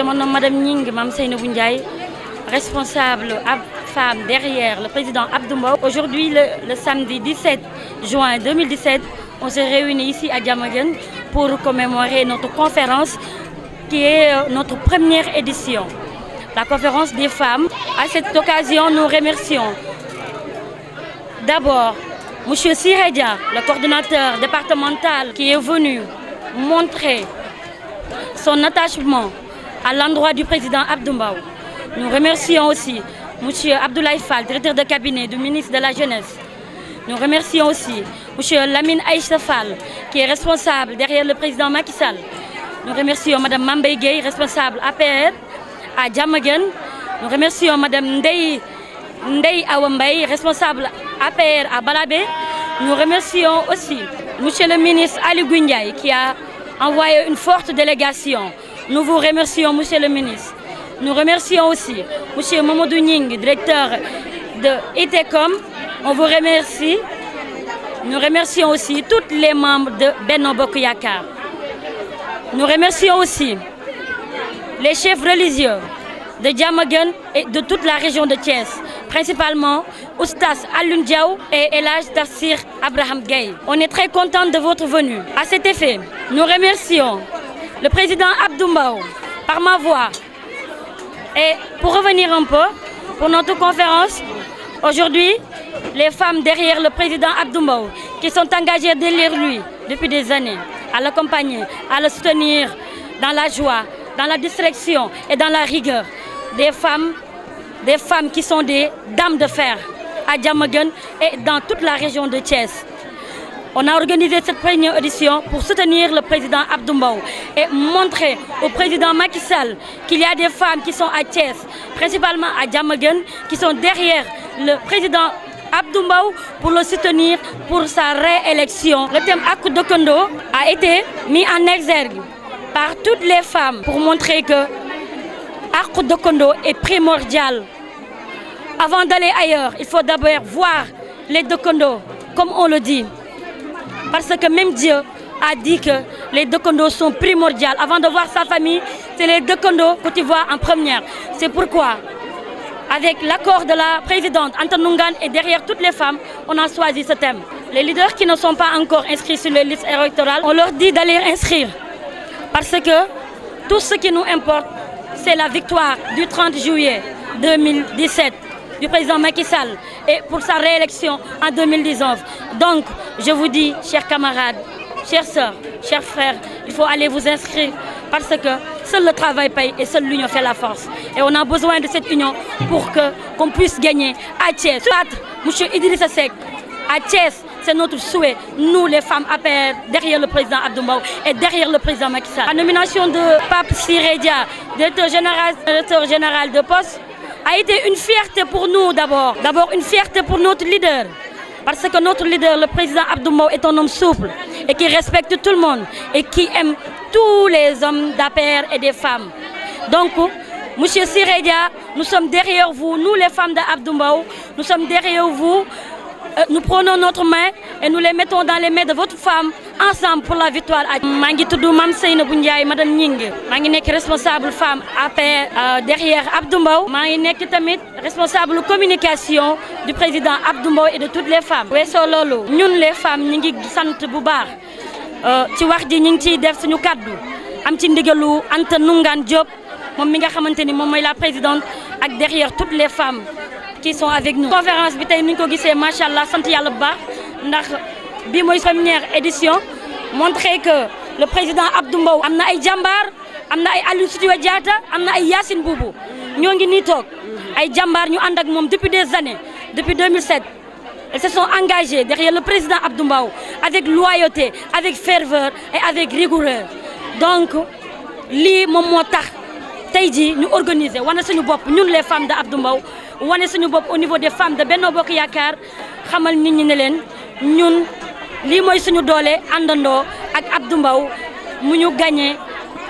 nomme madame Ning Mame Seynabou responsable femme derrière le président Abdou Aujourd'hui, le, samedi 17 juin 2017, on se réunit ici à Diamagen pour commémorer notre conférence qui est euh, notre première édition, la conférence des femmes. À cette occasion, nous remercions d'abord M. Siredia, le coordinateur départemental qui est venu montrer son attachement à l'endroit du président Abdoumbaou. Nous remercions aussi M. Abdoulaye Fall, directeur de cabinet du ministre de la Jeunesse. Nous remercions aussi M. Lamine Aïcha qui est responsable derrière le président Macky Sall. Nous remercions Mme Mambaye Gueye, responsable APR à Djamagen. Nous remercions Mme Ndei, Ndei responsable APR à Balabé. Nous remercions aussi M. le ministre Ali qui a envoyé une forte délégation nous vous remercions, Monsieur le ministre. Nous remercions aussi Monsieur Mamadou Ning, directeur de ITECOM. On vous remercie. Nous remercions aussi tous les membres de Benno Bokuyakar. Nous remercions aussi les chefs religieux de Djamagan et de toute la région de Thiès, principalement Oustas Alun Diaw et Elage Tassir Abraham Gay. On est très content de votre venue. À cet effet, nous remercions le président Abdoumou, par ma voix. Et pour revenir un peu, pour notre conférence, aujourd'hui, les femmes derrière le président Abdoumou qui sont engagées derrière lui depuis des années, à l'accompagner, à le soutenir dans la joie, dans la distraction et dans la rigueur. Des femmes, des femmes qui sont des dames de fer à Djamogun et dans toute la région de Thiès. On a organisé cette première audition pour soutenir le président Abdoumbaou et montrer au président Macky Sall qu'il y a des femmes qui sont à Thiès, principalement à Djamagan, qui sont derrière le président Abdoumbaou pour le soutenir pour sa réélection. Le thème de Dokondo a été mis en exergue par toutes les femmes pour montrer que de Dokondo est primordial. Avant d'aller ailleurs, il faut d'abord voir les Dokondo, comme on le dit. Parce que même Dieu a dit que les deux condos sont primordiales. Avant de voir sa famille, c'est les deux condos que tu vois en première. C'est pourquoi, avec l'accord de la présidente Nungan et derrière toutes les femmes, on a choisi ce thème. Les leaders qui ne sont pas encore inscrits sur les listes électorales, on leur dit d'aller inscrire. Parce que tout ce qui nous importe, c'est la victoire du 30 juillet 2017 du président Macky Sall et pour sa réélection en 2019. Donc, je vous dis, chers camarades, chères sœurs, chers frères, il faut aller vous inscrire parce que seul le travail paye et seule l'union fait la force. Et on a besoin de cette union pour qu'on puisse gagner à Thiès. Monsieur Idrissa Seck, à Thiès, c'est notre souhait, nous les femmes APR, derrière le président Abdoumbaou et derrière le président Macky Sall. La nomination de Pape Siredia, directeur général de poste, a été une fierté pour nous d'abord. D'abord une fierté pour notre leader. Parce que notre leader, le président Abdoumou, est un homme souple et qui respecte tout le monde et qui aime tous les hommes d'APR et des femmes. Donc, Monsieur Siredia, nous sommes derrière vous, nous les femmes d'Abdoumou, nous sommes derrière vous, euh, nous prenons notre main et nous les mettons dans les mains de votre femme ensemble pour la victoire. Mangi ngi Mam Mame Seynabou madame Ningue. Mangi Nek responsable femme après euh, derrière Abdou Mangi maa tamit responsable communication du président Abdou et de toutes les femmes. weesoo loolu ñun les femmes ñi Sante sant bu baax euh, ci wax ji ñi ngi def suñu kaddu am ci ndigalu Anta Nungaan Diop moom mi nga xamante la présidente ak derrière toutes les femmes qui sont avec nous. conférence bi tay ni ñu ko la machallah sante yalla première édition montrer que le président Abdou Mbow amna Amnaï ay jambar amna ay Aliou Diatta Amnaï ay Boubou ñoo ngi nii ay jambar ñu depuis des années depuis 2007. Ils se sont engagés derrière le président Abdou avec loyauté avec ferveur et avec rigueur. donc li moom motax tay nous ñu organiser wane suñu ñun les femmes de suñu au niveau des femmes de Benno Bokk yakar xamal nit ñi ne leen ñun li moy suñu doole andando ak Abdou Mbow mu ñu gagné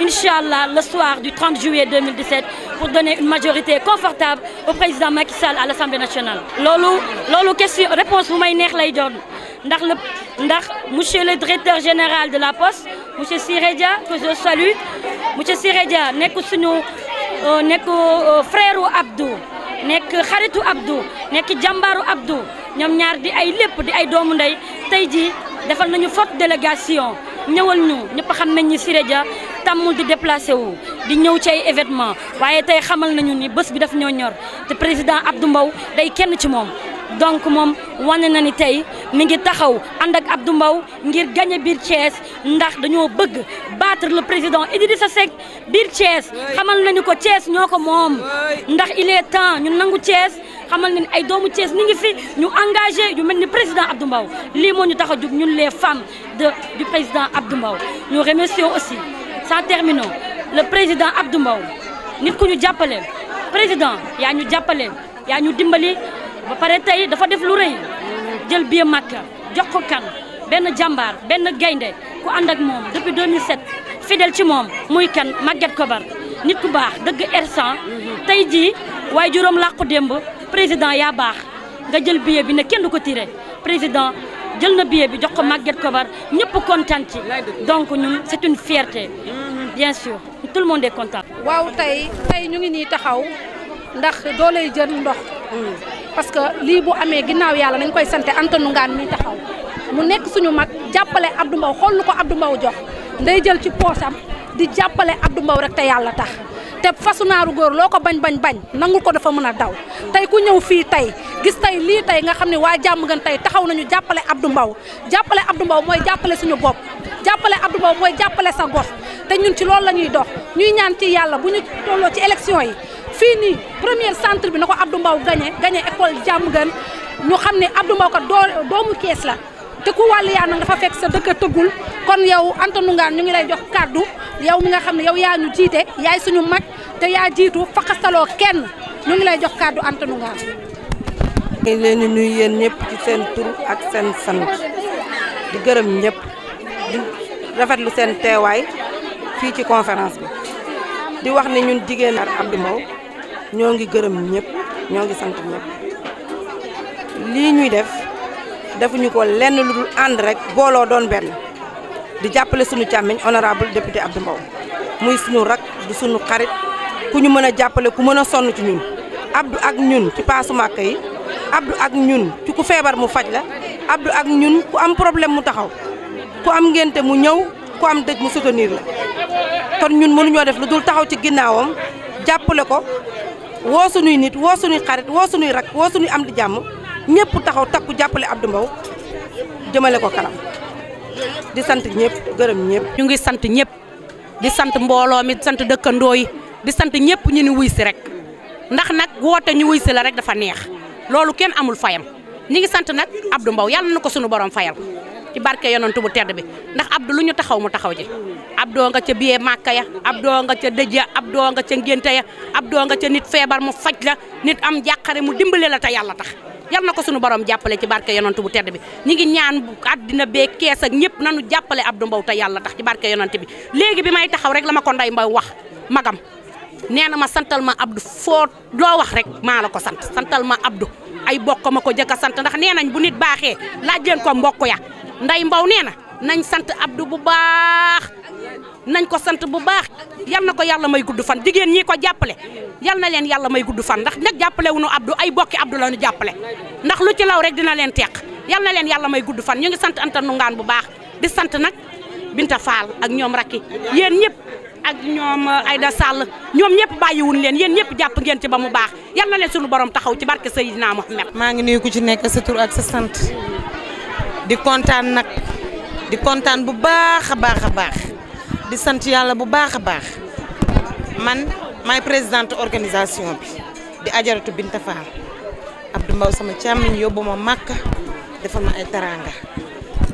le soir du 30 juillet 2017 pour donner une majorité confortable au président Macky Sall à l'Assemblée nationale. lolu loolu question réponse bu may neex lay doon ndax le ndax monsieur le directeur général de la poste monsieur Siredia, que je salue monsieur Siredia, Dia suñu euh, euh, frère Abdou. nekk xaritu Abdou nekk jàmbaaru Abdou ñoom ñaar di ay lépp di ay doomu ndey tey jii defal nañu forte délégation ñëwal ñu ñëpp xam nañ ni Siré Dia tàmmul di déplacé wu di ñëw ci ay événement waaye tey xamal nañu ni bés bi daf ñoo ñor te président Abdou Mbow day kenn ci moom donc mom wane na ni tay mi ngi taxaw ànd ak Abdou mbaw ngir gagner bir Thiès ndax dañu bëgg battre le président Idrissa Seck bir Thiès xamal nañu ko Thiès ñoko mom. ndax il est temps ñu nangu Thiès xamal nañ ay doomu Thiès ni ngi fi ñu engagé yu melni président Abdou mbaw li moo ñu tax ñun les femmes de du président Abdou mbaw ñu remercions aussi sans terminant le président Abdou mbaw nit ku ñu jappalé président ya ñu jappalé ya ñu dimbali ba pare tey dafa def lu reuy jël biir Makka jox ko kan ben jambar ben gaynde ku ànd ak depuis 2007 fidèle ci mom muy kan Maguette Kobar nit ku bax deug ersan mhm. tey jii waaye juróom làqu démb président ya bax nga jël billet bi ne kenn du ko tiré président jël na billet bi jox ko Maguette Kobar ñepp content ci donc ñun c'est une fierté mhm. bien sûr tout le monde est content waaw tay tay ñu ngi ni taxaw ndax doo lay ndox mm. parce que lii bu amee ginnaaw yàlla nañ koy sante Antoine Ngaan mi taxaw mu nekk suñu mag jàppale Abdou Mbow xool lu ko Abdou Mbow jox day jël ci poosam di jàppale Abdou mbaw rek te yàlla tax te fasu naaru góor loo ko bañ bañ bañ nangu ko dafa mën a daw tey ku ñëw fii tey gis tey lii tey nga xam ne waa jàmm gën tey taxaw nañu jàppale Abdou mbaw jàppale Abdou mbaw mooy jàppale suñu bopp jàppale Abdou Mbow mooy jàppale sa gox te ñun ci loolu la ñuy dox ñuy ñaan ci yàlla bu ñu ci élection yi fii premier centre bi na ko Abdou Mbow gagné gagné école jàmm gën ñu xam ne Abdou Mbow kat doo doomu kees la te ku wàllu yaa nag dafa fekk sa dëkk tëggul kon yow Anta Ndoungane ñu ngi lay jox kàddu yow mi nga xam ne yow yaa ñu jiite yaay suñu mag te yaa jiitu faxastaloo kenn ñu ngi lay jox kàddu Anta Ndoungane. ngi leen di nuyu yéen ci seen tur ak seen sant di gërëm ñëpp di rafetlu seen teewaay fii ci conférence bi di wax ne ñun jigéen Abdou Mbow ñoo ngi gërëm ñëpp ñoo ngi sant ñëpp lii ñuy def defuñu ko lenn lu ànd rek booloo doon benn di jàppale suñu càmmiñ honorable député Abdou Mbow muy suñu rak du suñu xarit ku ñu mën a jàppale ku mën a sonn ci ñun Abdou ak ñun ci paasu màkk yi Abdou ak ñun ci ku feebar mu faj la Abdou ak ñun ku am problème mu taxaw ku am ngénte mu ñëw ku am dëj mu soutenir la kon ñun mënuñoo def lu dul taxaw ci ginnaawam jàppale ko woo suñuy nit woo suñuy xarit woo suñuy rak woo suñuy am di jàmm ñëpp taxaw takku jàppale ab du mbaw jëmale ko kanam di sant ñëpp gërëm ñëpp. ñu ngi sant ñëpp di sant mbooloo mi di sant dëkkandoo yi di sant ñëpp ñu ni wuyusi si rek ndax nag woote ñu wuy si la rek dafa neex loolu kenn amul fayam ñi ngi sant nag ab Abdou Mbow yàlla na ko suñu borom fayal. ci barke yonantu bu tedd bi ndax abdu lu taxaw mu taxaw ji abdoo nga ca biyee màkka ya abdoo nga ca dëj ya abdoo nga ca ngénte ya abdoo nga ca nit feebar mu faj la nit am jàqare mu dimbale la te yàlla tax yal na ko suñu borom jàppale ci barke yonantu bu tedd bi ñi ngi ñaan àddina bee kees ak ñëpp nanu jàppale abdu mbaw te yàlla tax ci barke yonant bi léegi bi may taxaw rek la ko nday mbaw wax magam nee na ma santal ma abdu foo loo wax rek maa sant santal ma abdu ay bokk ma ko jëkk a sant ndax nee bu nit baaxee laaj ko mbokk ya nday mbaw nee na nañ sant Abdou bu baax nañ ko sant bu baax yal na ko yàlla may gudd fan jigéen ñii ko jàppale yal na leen yàlla may gudd fan ndax nag jàppale wu ñu Abdou ay bokki Abdou la ñu jàppale ndax lu ci law rek dina leen teq yal na leen yàlla may gudd fan ñu ngi sant Anta Nungaan bu baax di sant nag Binta Fall ak ñoom rakki yéen ñëpp ak ñoom uh, Aïda Sall ñoom ñëpp bàyyiwuñ leen yéen ñëpp jàpp ngeen ci ba mu baax yal na leen suñu borom taxaw ci barke Seydina Mohamed. maa ngi nuyu ku ci nekk sa tur ak sa sant. di kontaan nag di kontaan bu baax a baax a baax di sant yàlla bu baax a baax man maay présidente organisation bi di ajaratu Binta Fall Abdou Mbaw sama càmmiñ yóbbu ma Màkka defal ma ay taranga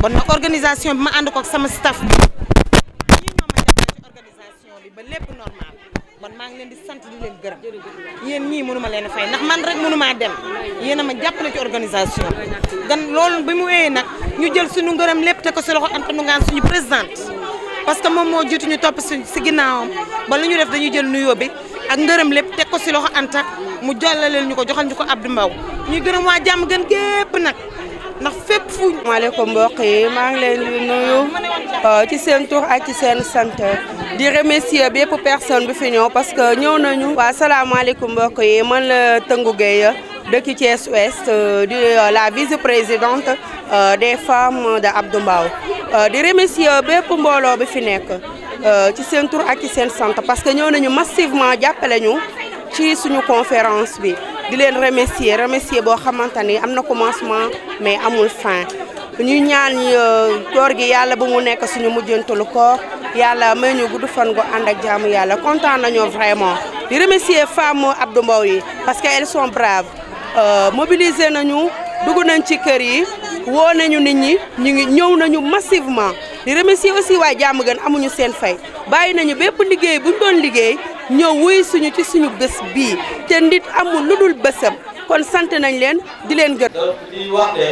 bon nag organisation bi ma ànd ko ak sama staff bi bi ba lépp normal maa ngi leen di sant di leen gërëm yéen ñii mënuma leen a fay ndax man rek mënumaa dem yéen a ma jàppale ci organisation gan loolu bi mu wéyee nag ñu jël suñu ngërëm lépp te ko si loxo Anta Ndougane suñu présidente parce que moom moo jiitu ñu topp si si ginnaawam ba lu ñu def dañuy jël nuyoo bi ak ngërëm lépp teg ko si loxo Anta mu jàllaleel ñu ko joxal ñu ko Abdou Mbaw ñuy gërëm waa jàmm gën gépp nag ndax fépp fuñ maaleykum mbokk yi maa ngi leen di nuyu euh, ci seen tour ak ci seen sant di remercier bépp personne bi fi ñëw parce que ñëw nañu waaw salaamaaleykum mbokk yi man la Tëngu Gueye dëkk Thiès Ouest euh, di euh, la vice-présidente des femmes de Abdou Mbaw di remercier bépp mbooloo bi fi nekk ci seen tour ak ci seen sant parce que ñëw nañu massivement jàppale ñu ci suñu conférence bi di leen remercier remercier bo xamantani amna commencement mais amul fin ñu ñaan euh, koor gi Yalla ba mu nekk suñu mujjantalu koor Yalla may ñu gudd fan gu ànd ak jaamu Yalla. kontaan nañu vraiment di remercier femmes Abdou Mbaw yi parce que sont braves euh, mobiliser nañu. dugg nañ ci kër yi woo nañu nit ñi ñu ngi ñëw nañu massivement di remercier aussi waa jàmm gën amuñu seen fay bàyyi nañu bépp liggéey buñ doon liggéey ñëw wuy suñu ci suñu bés bii te nit amul lu dul bésam kon sant nañ leen di leen gët donc di wax ne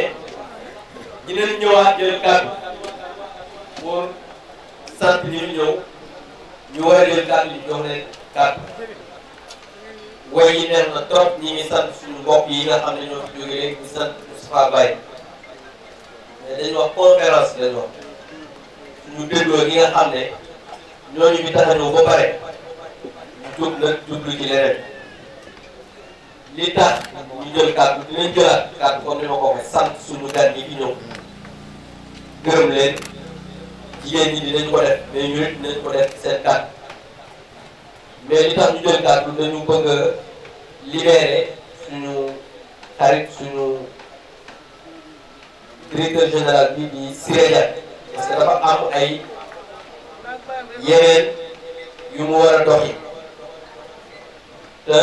dinañ ñëwaat jël sant ñu ñëw ñu war a jël jox leen way yi neex na trop ñi ngi sant suñu mbokk yi nga xam ne ñoo fi jóge sant Moustapha Baye mais dañu wax conférence lañu wax suñu dégloo yi nga xam ne ñooñu fi tax a ñëw ba pare ñu jóg nag jublu li tax ñu jël kàddu dinañ jëlaat kàddu comme ni ma ko waxee sant suñu gan yi fi ñëw gërëm leen jigéen ñi dinañ ko def mais ñu nit dinañ ko def seen mais li tax ñu jël kàddu dañu bëgg a libérer suñu xarit suñu directeur général bi di Siré Dia parce que am ay yeneen yu mu war a te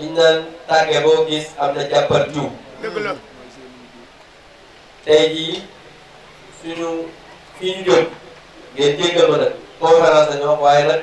liñ naan tàgge boo gis am na jàppal jiw tey jii suñu fi ñu jëm ngeen jéggal ma nag conférence dañu waaye nag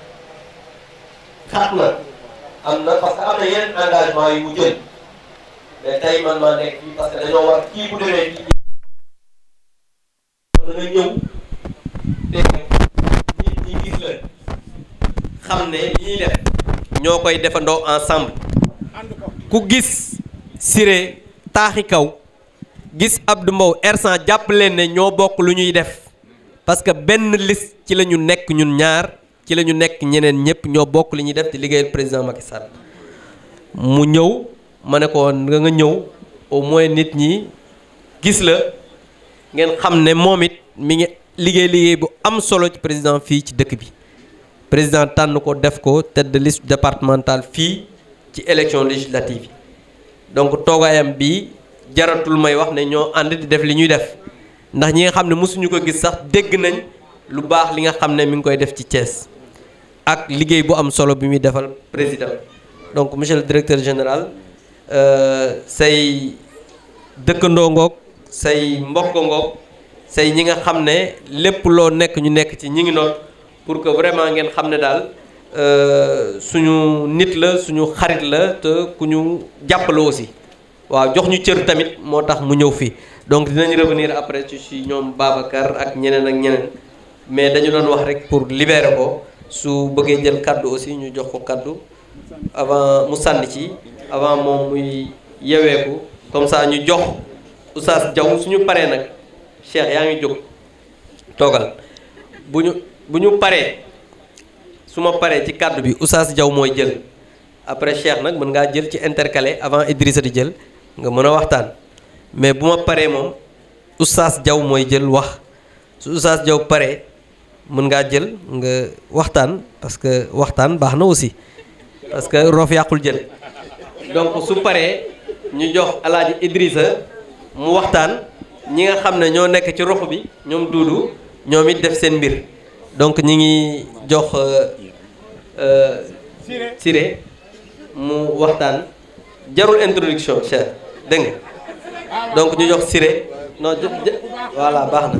xat la ñoo koy defandoo ensemble ku gis Siré taaxi kaw gis Abdou Mbow Ersan jàpp leen ne ñoo bokk lu ñuy def parce que benn liste ci la ñu nekk ñun ñaar. ci la ñu nekk ñeneen ñëpp ñoo bokk li ñuy def ci liggéeyal président Macky Sall mu ñëw ma ne ko nga ñëw au moins nit ñi gis la ngeen xam ne moom it mi ngi liggéey liggéey bu am solo ci président fii ci dëkk bi président tànn ko def ko tête de liste fii ci élection législative yi donc toogaayam bi jaratul may wax ne ñoo ànd di def li ñuy def ndax ñi nga xam ne mosuñu ko gis sax dégg nañ lu baax li nga xam ne mu ngi koy def ci Thiès. ak liggéey bu am solo bi muy defal président donc monsieur le directeur général euh, say dëkkandoo ngoog say mbokk ngoog say ñi nga xam ne lépp loo nekk ñu nekk ci ñi ngi noot pour que vraiment ngeen xam ne daal euh, suñu nit la suñu xarit la te ku ñu jàppale aussi waaw jox ñu cër tamit moo tax mu ñëw fii donc dinañ revenir après ci si ñoom Babacar ak ñeneen ak ñeneen mais dañu doon wax rek pour libérer ko su bëggee jël kàddu aussi ñu jox ko kàddu avant mu sànni ci avant moom muy yeweeku comme ça ñu jox Oustaz Diaw suñu paree nag Cheikh yaa ngi jóg toogal bu ñu bu ñu paree su ma paree ci kàddu bi Oustaz jaw mooy jël après Cheikh nag mën ngaa jël ci intercalé avant Idrissa di jël nga mën a waxtaan mais bu ma paree moom Oustaz jaw mooy jël wax su Oustaz jaw paree mën ngaa jël nga waxtaan parce que waxtaan baax na aussi parce que roof yàqul jën donc su paree ñu jox alaaji Idrissa mu waxtaan ñi nga xam ne ñoo nekk ci rox bi ñoom duudu ñoom it def seen mbir donc ñi ngi jox euh, euh, Siré mu waxtaan jarul introduction cher dégg nga donc ñu jox Siré non voilà baax na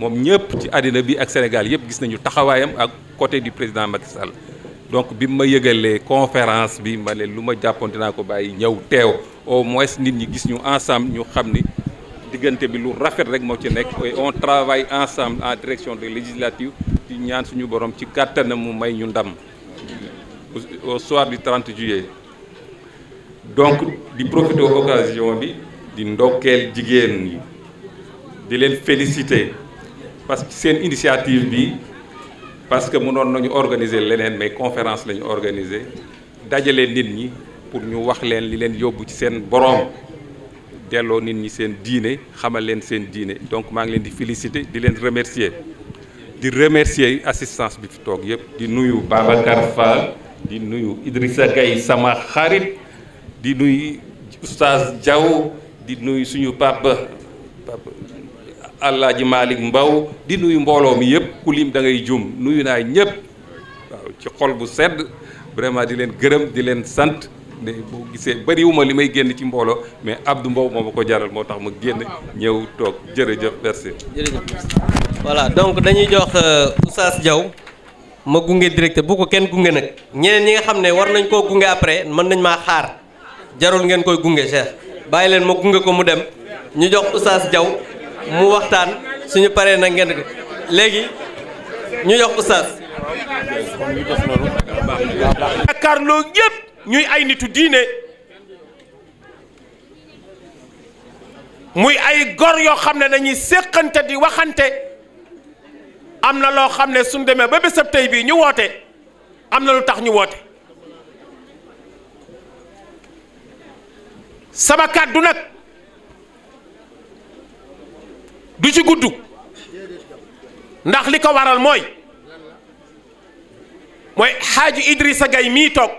mom ñëpp ci adina bi ak Sénégal yëpp gis nañu taxawaayam ak côté du président Macky Sall donc bi ma yëgalee conférence bi ma ne lu ma jàppoon dinaa ko bàyyi ñëw teew au moins nit ñi gis ñu ensemble ñu xam ni diggante bi lu rafet rek moo ci nekk et on travaille ensemble en direction de législative di ñaan suñu borom ci kàttanam mu may ñu ndam au soir du 30 juillet donc di profiter occasion bi di ndokkeel jigéen ñi di leen féliciter parce que seen initiative bi parce que mënoon nañu organiser leneen mais conférence lañu organiser dajale nit ñi pour ñu wax leen li leen yobbu ci sen borom delloo nit ñi sen diine xamal leen sen diine donc ma ngi lén di féliciter di lén remercier di remercier assistance bi fi tok yépp di nuyu Babacar Fall di nuyu Idrissa Gaye sama xarit di nuyu Oustaz Diaw di nuyu suñu pape pape Alaaji Malick Mbaw di nuyu mbooloo mi yëpp ku lim da ngay jum nuyu naa ñëpp waaw ci xol bu sedd vraiment di leen gërëm di leen sant ne boo gisee bëriwuma li may génn ci mbooloo mais abdu mbaw moo ma ko jaral moo tax ma génn ñëw toog jërëjëf merci. jërëjëf voilà donc dañuy jox euh, Oustaz jaw ma gunge directe bu ko kenn gunge nag ñeneen ñi nga xam ne war nañ koo gunge après mën nañ maa xaar jarul ngeen koy gunge Cheikh bàyyi leen ma gunge ko mu dem ñu jox Oustaz Diaw. mu waxtaan suñu paree na ngeen léegi ñu jox oustaz. jàkkaarloo yëpp ñuy ay nitu diine muy ay gor yoo xam ne dañuy séqante di waxante am na loo xam ne suñ demee ba bésab tey bii ñu woote am na lu tax ñu woote sama kàddu nag. du ci gudd ndax li ko waral mooy mooy xaaji Idrissa Gay mii toog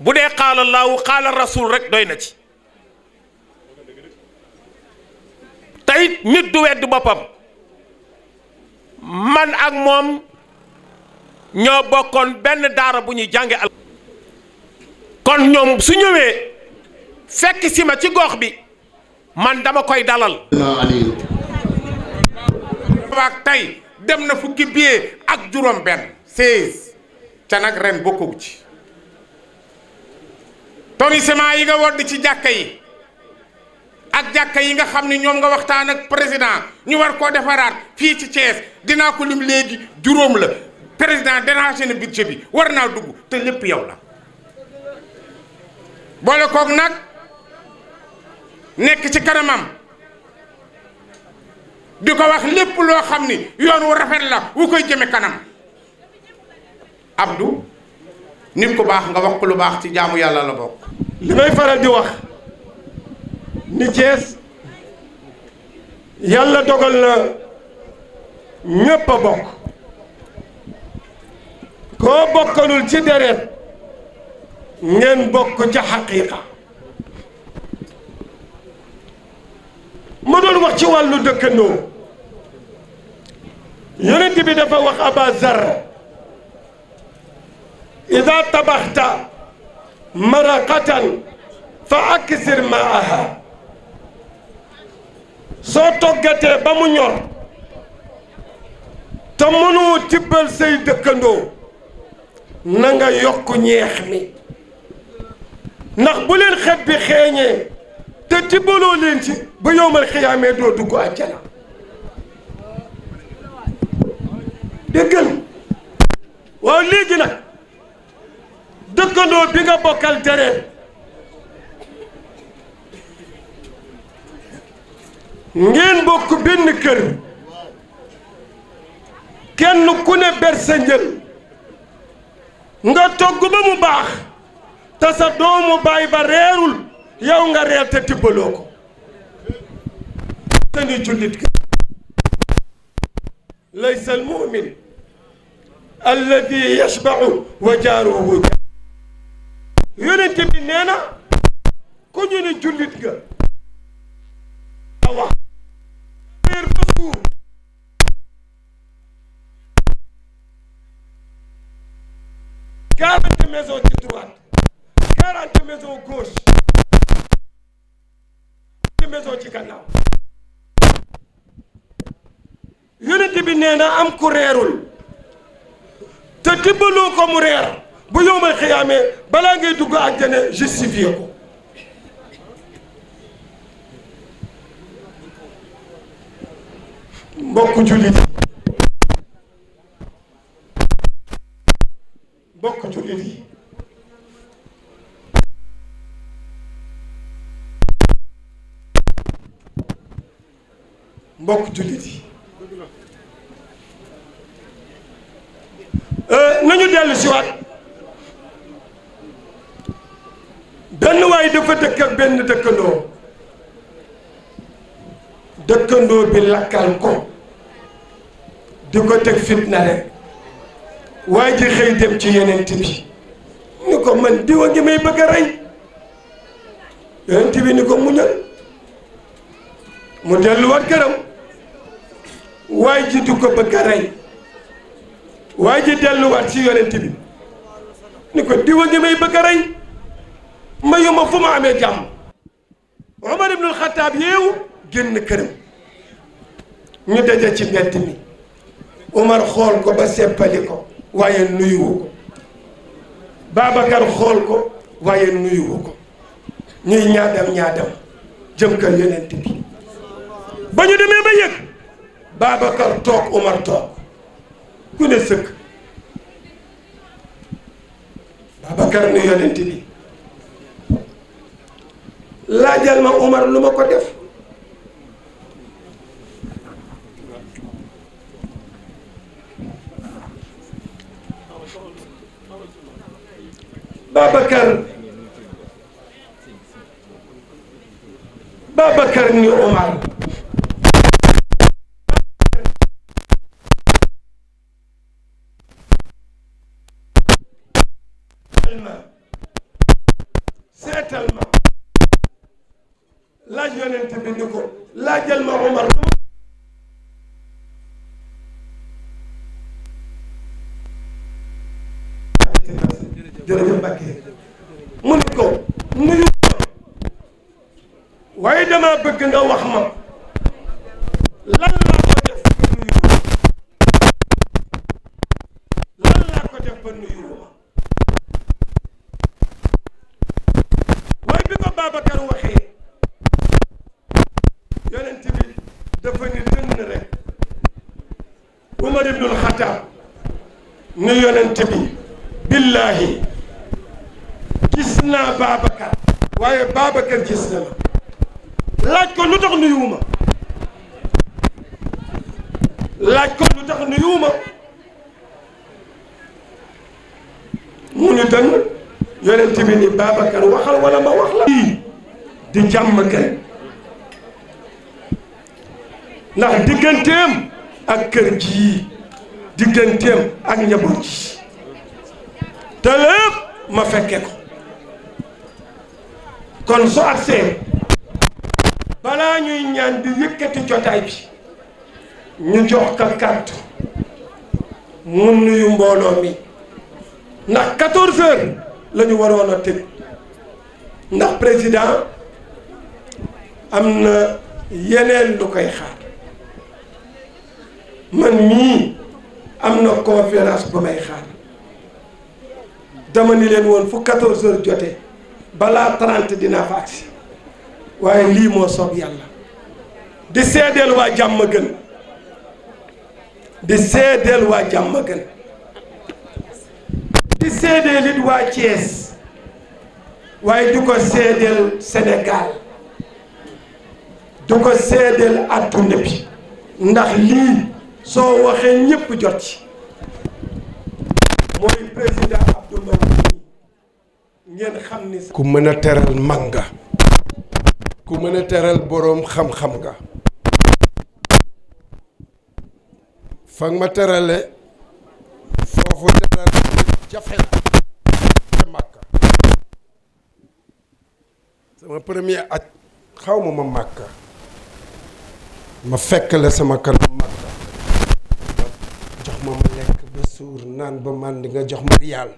bu dee qaala laahu qaala rasul rek doy na ci tayit nit du wedd boppam man ak moom ñoo bokkoon benn daara bu ñuy jànge al kon ñoom su ñëwee fekk si ma ci gox bi man dama koy dalal. waak tey dem na fukki billet ak juróom benn 16 ca nag ren bokkugu ci toni ciment yi nga wodd ci jàkka yi ak jàkka yi nga xam ni ñoom nga waxtaan ak président ñu war koo defaraat fii ci Thiès dinaa ko lim léegi juróom la président déranger na budget bi war naa dugg te lépp yow la boole koog nag nekk ci kanamam di ko wax lépp loo xam ni yoon wu rafet la wu koy jëme kanam abdu nit ku baax nga wax ko lu baax ci jaamu yàlla la bokk. li may faral di wax ni Thiès yàlla dogal na ñépp a bokk koo bokkalul ci deret ngeen bokk ca xaqiiqa مدول وقتي والو دكنو يونتي بي دافا واخ ابا ذر اذا طبخت مرقة فاكسر ماءها صوتو غتي بامو نيور تمنو تيبل سي دكنو نغا يوكو نيهخني نخ بولين خيت بي خيني te tibbaloo leen ci ba yowmal do doo dugg que déggal waaw léegi nag dëkkandoo bi nga bokkal deret ngeen bokk benn kër kenn ku ne ber sa njël nga togg ba mu baax te sa doomu baay ba reerul yow nga réalité tibaloko tan julit ليس المؤمن الذي يشبع وجاره يونتي من هنا كوني نجلد كا اوا غير مسؤول كارانتي ميزون تي دوات كارانتي ميزون غوش maison ci gannaaw yonent bi nee na am ku reerul te dimbaloo ko mu reer bu yowmal xiyaamee balaa ngay dugg àjjana justifié ko mbokk jullit mbokk jullit yi euh, nañu dellu si waat benn waay dafa dëkk ak benn dëkkandoo dëkkandoo bi lakkal ko di ko teg fitna rek waa ji xëy dem ci yenent bi ni ko man diwa ngi may bëgg a rey yenent bi ni ko muñal mu delluwaat këram waa ji du ko bëgg rey waa ji delluwaat ci yonent bi ni ko diwa ngi may bëgg a rey mayuma fu ma amee jàmm Omar ibnul Xataab yeewu génn këram ñu daje ci mbedd mi Omar xool ko ba seppali ko waaye nuyuwu ko Babacar xool ko waaye nuyuwu ko ñuy ñaadam ñaadam jëm kër yonent bi ba ñu demee ba yëg Babacar toog Omar toog ku ne sëkk Babacar ni yonent bi laajal ma Omar lu ma ko def Babacar Babacar ni Omar seetal ma seetal ma laaj yonent ni ko laajal ma Omar jërëjëf Mbacke mu ne ko nuyu dama bëgg nga wax ma lan عمر بن الخطاب نيون انتبي بالله جسنا بابك وهي بابك جسنا لاجكو لوتخ نيوما لاجكو لوتخ نيوما موني دن يونتبي ني بابك وخال ولا ما وخلا دي جامك نخ ديغنتيم ak kër gi digganteem ak njaboot gi te ma fekke ko kon su agsee balaa ñuy ñaan di yëkkati jotaay bi ñu jox ka kàddu mu nuyu mbooloo mi ndax 14 lañu waroon a tëj ndax président am na yeneen lu koy xaar man mii am na conférence ba may xaar dama ni leen woon fu jote heures jotee balaa 30 dinaa fa agsi waaye lii moo soob yàlla di seedeel waa jàmm gën di waa jàmm gën di seedeel it waa Thiès waaye du ko seedeel Sénégal du ko seedeel àdduna bi ndax lii soo waxee ñëpp jot ci mooy président Abdou Mbaye mën a teral mag nga ku mën a teral boroom xam-xam nga fa ma terale foofu teral jafe ca sama premier at xaw ma ma màkka ma fekk la sama kanam màkka ba suur naan ba mànd nga jox ma riyaal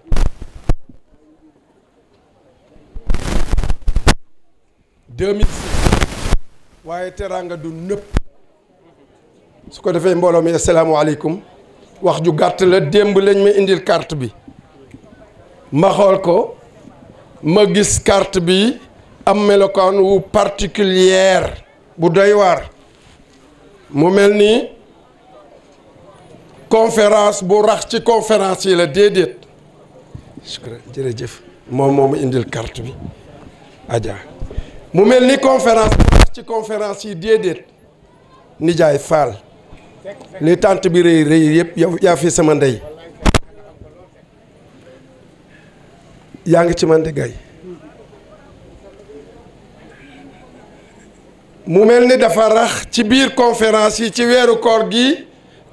deux mille waaye teraanga du nëpp su ko defee mbooloo mi asalaamaaleykum wax ju gàtt la démb lañ ma indil kart bi ma xool ko ma gis kart bi am melokaan wu particulière bu doy waar mu mel nii conférence bu rax ci conférence yi la déedéet jërëjëf moom moomu indil carte bi Adja mu mel ni conférence bu rax ci conférence yi déedéet nijaay Fall li tànt bi rëy rëy yëpp yaa fi sama ndey yaa ngi ci man di gay mu mel ni dafa rax ci biir conférence yi ci weeru koor gi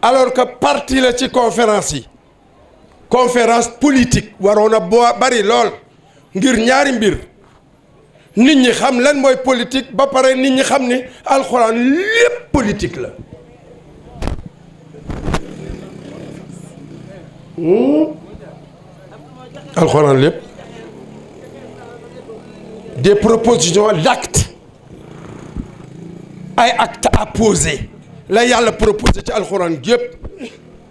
alors que parti la ci conférence yi conférence politique warona a beau bari lol ngir ñaari mbir nit ñi xam lan moy politique ba paré nit ñi xam ni alcorane politique la. Hmm? alcorane lépp des propositions d'actes ay actes à poser. la yàlla proposé ci alxuraan yëpp.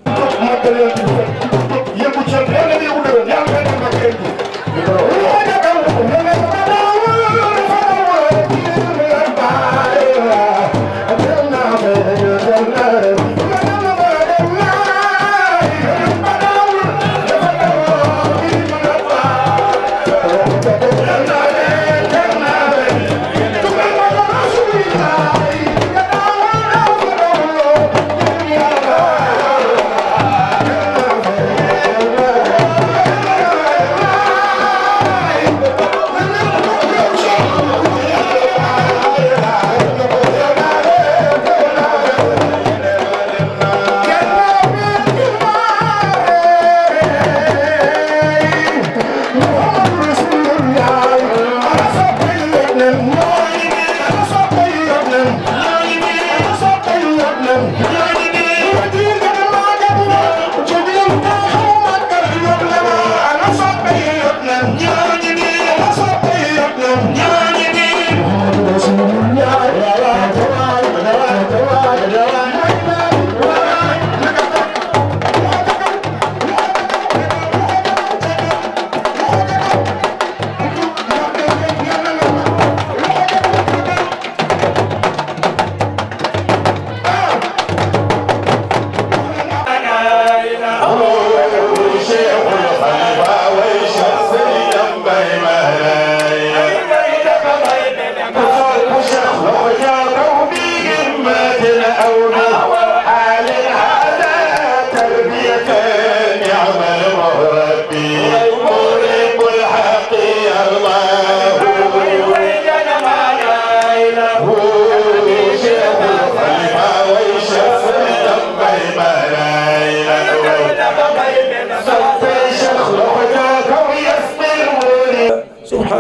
yëpp màggal yonent bi yëpp ci yàlla yëpp yëpp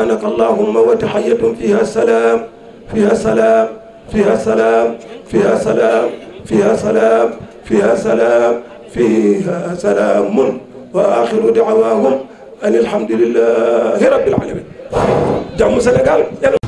سبحانك اللهم وتحية فيها سلام فيها سلام فيها سلام فيها سلام فيها سلام فيها سلام فيها سلام وآخر دعواهم أن الحمد لله رب العالمين جامو سنغال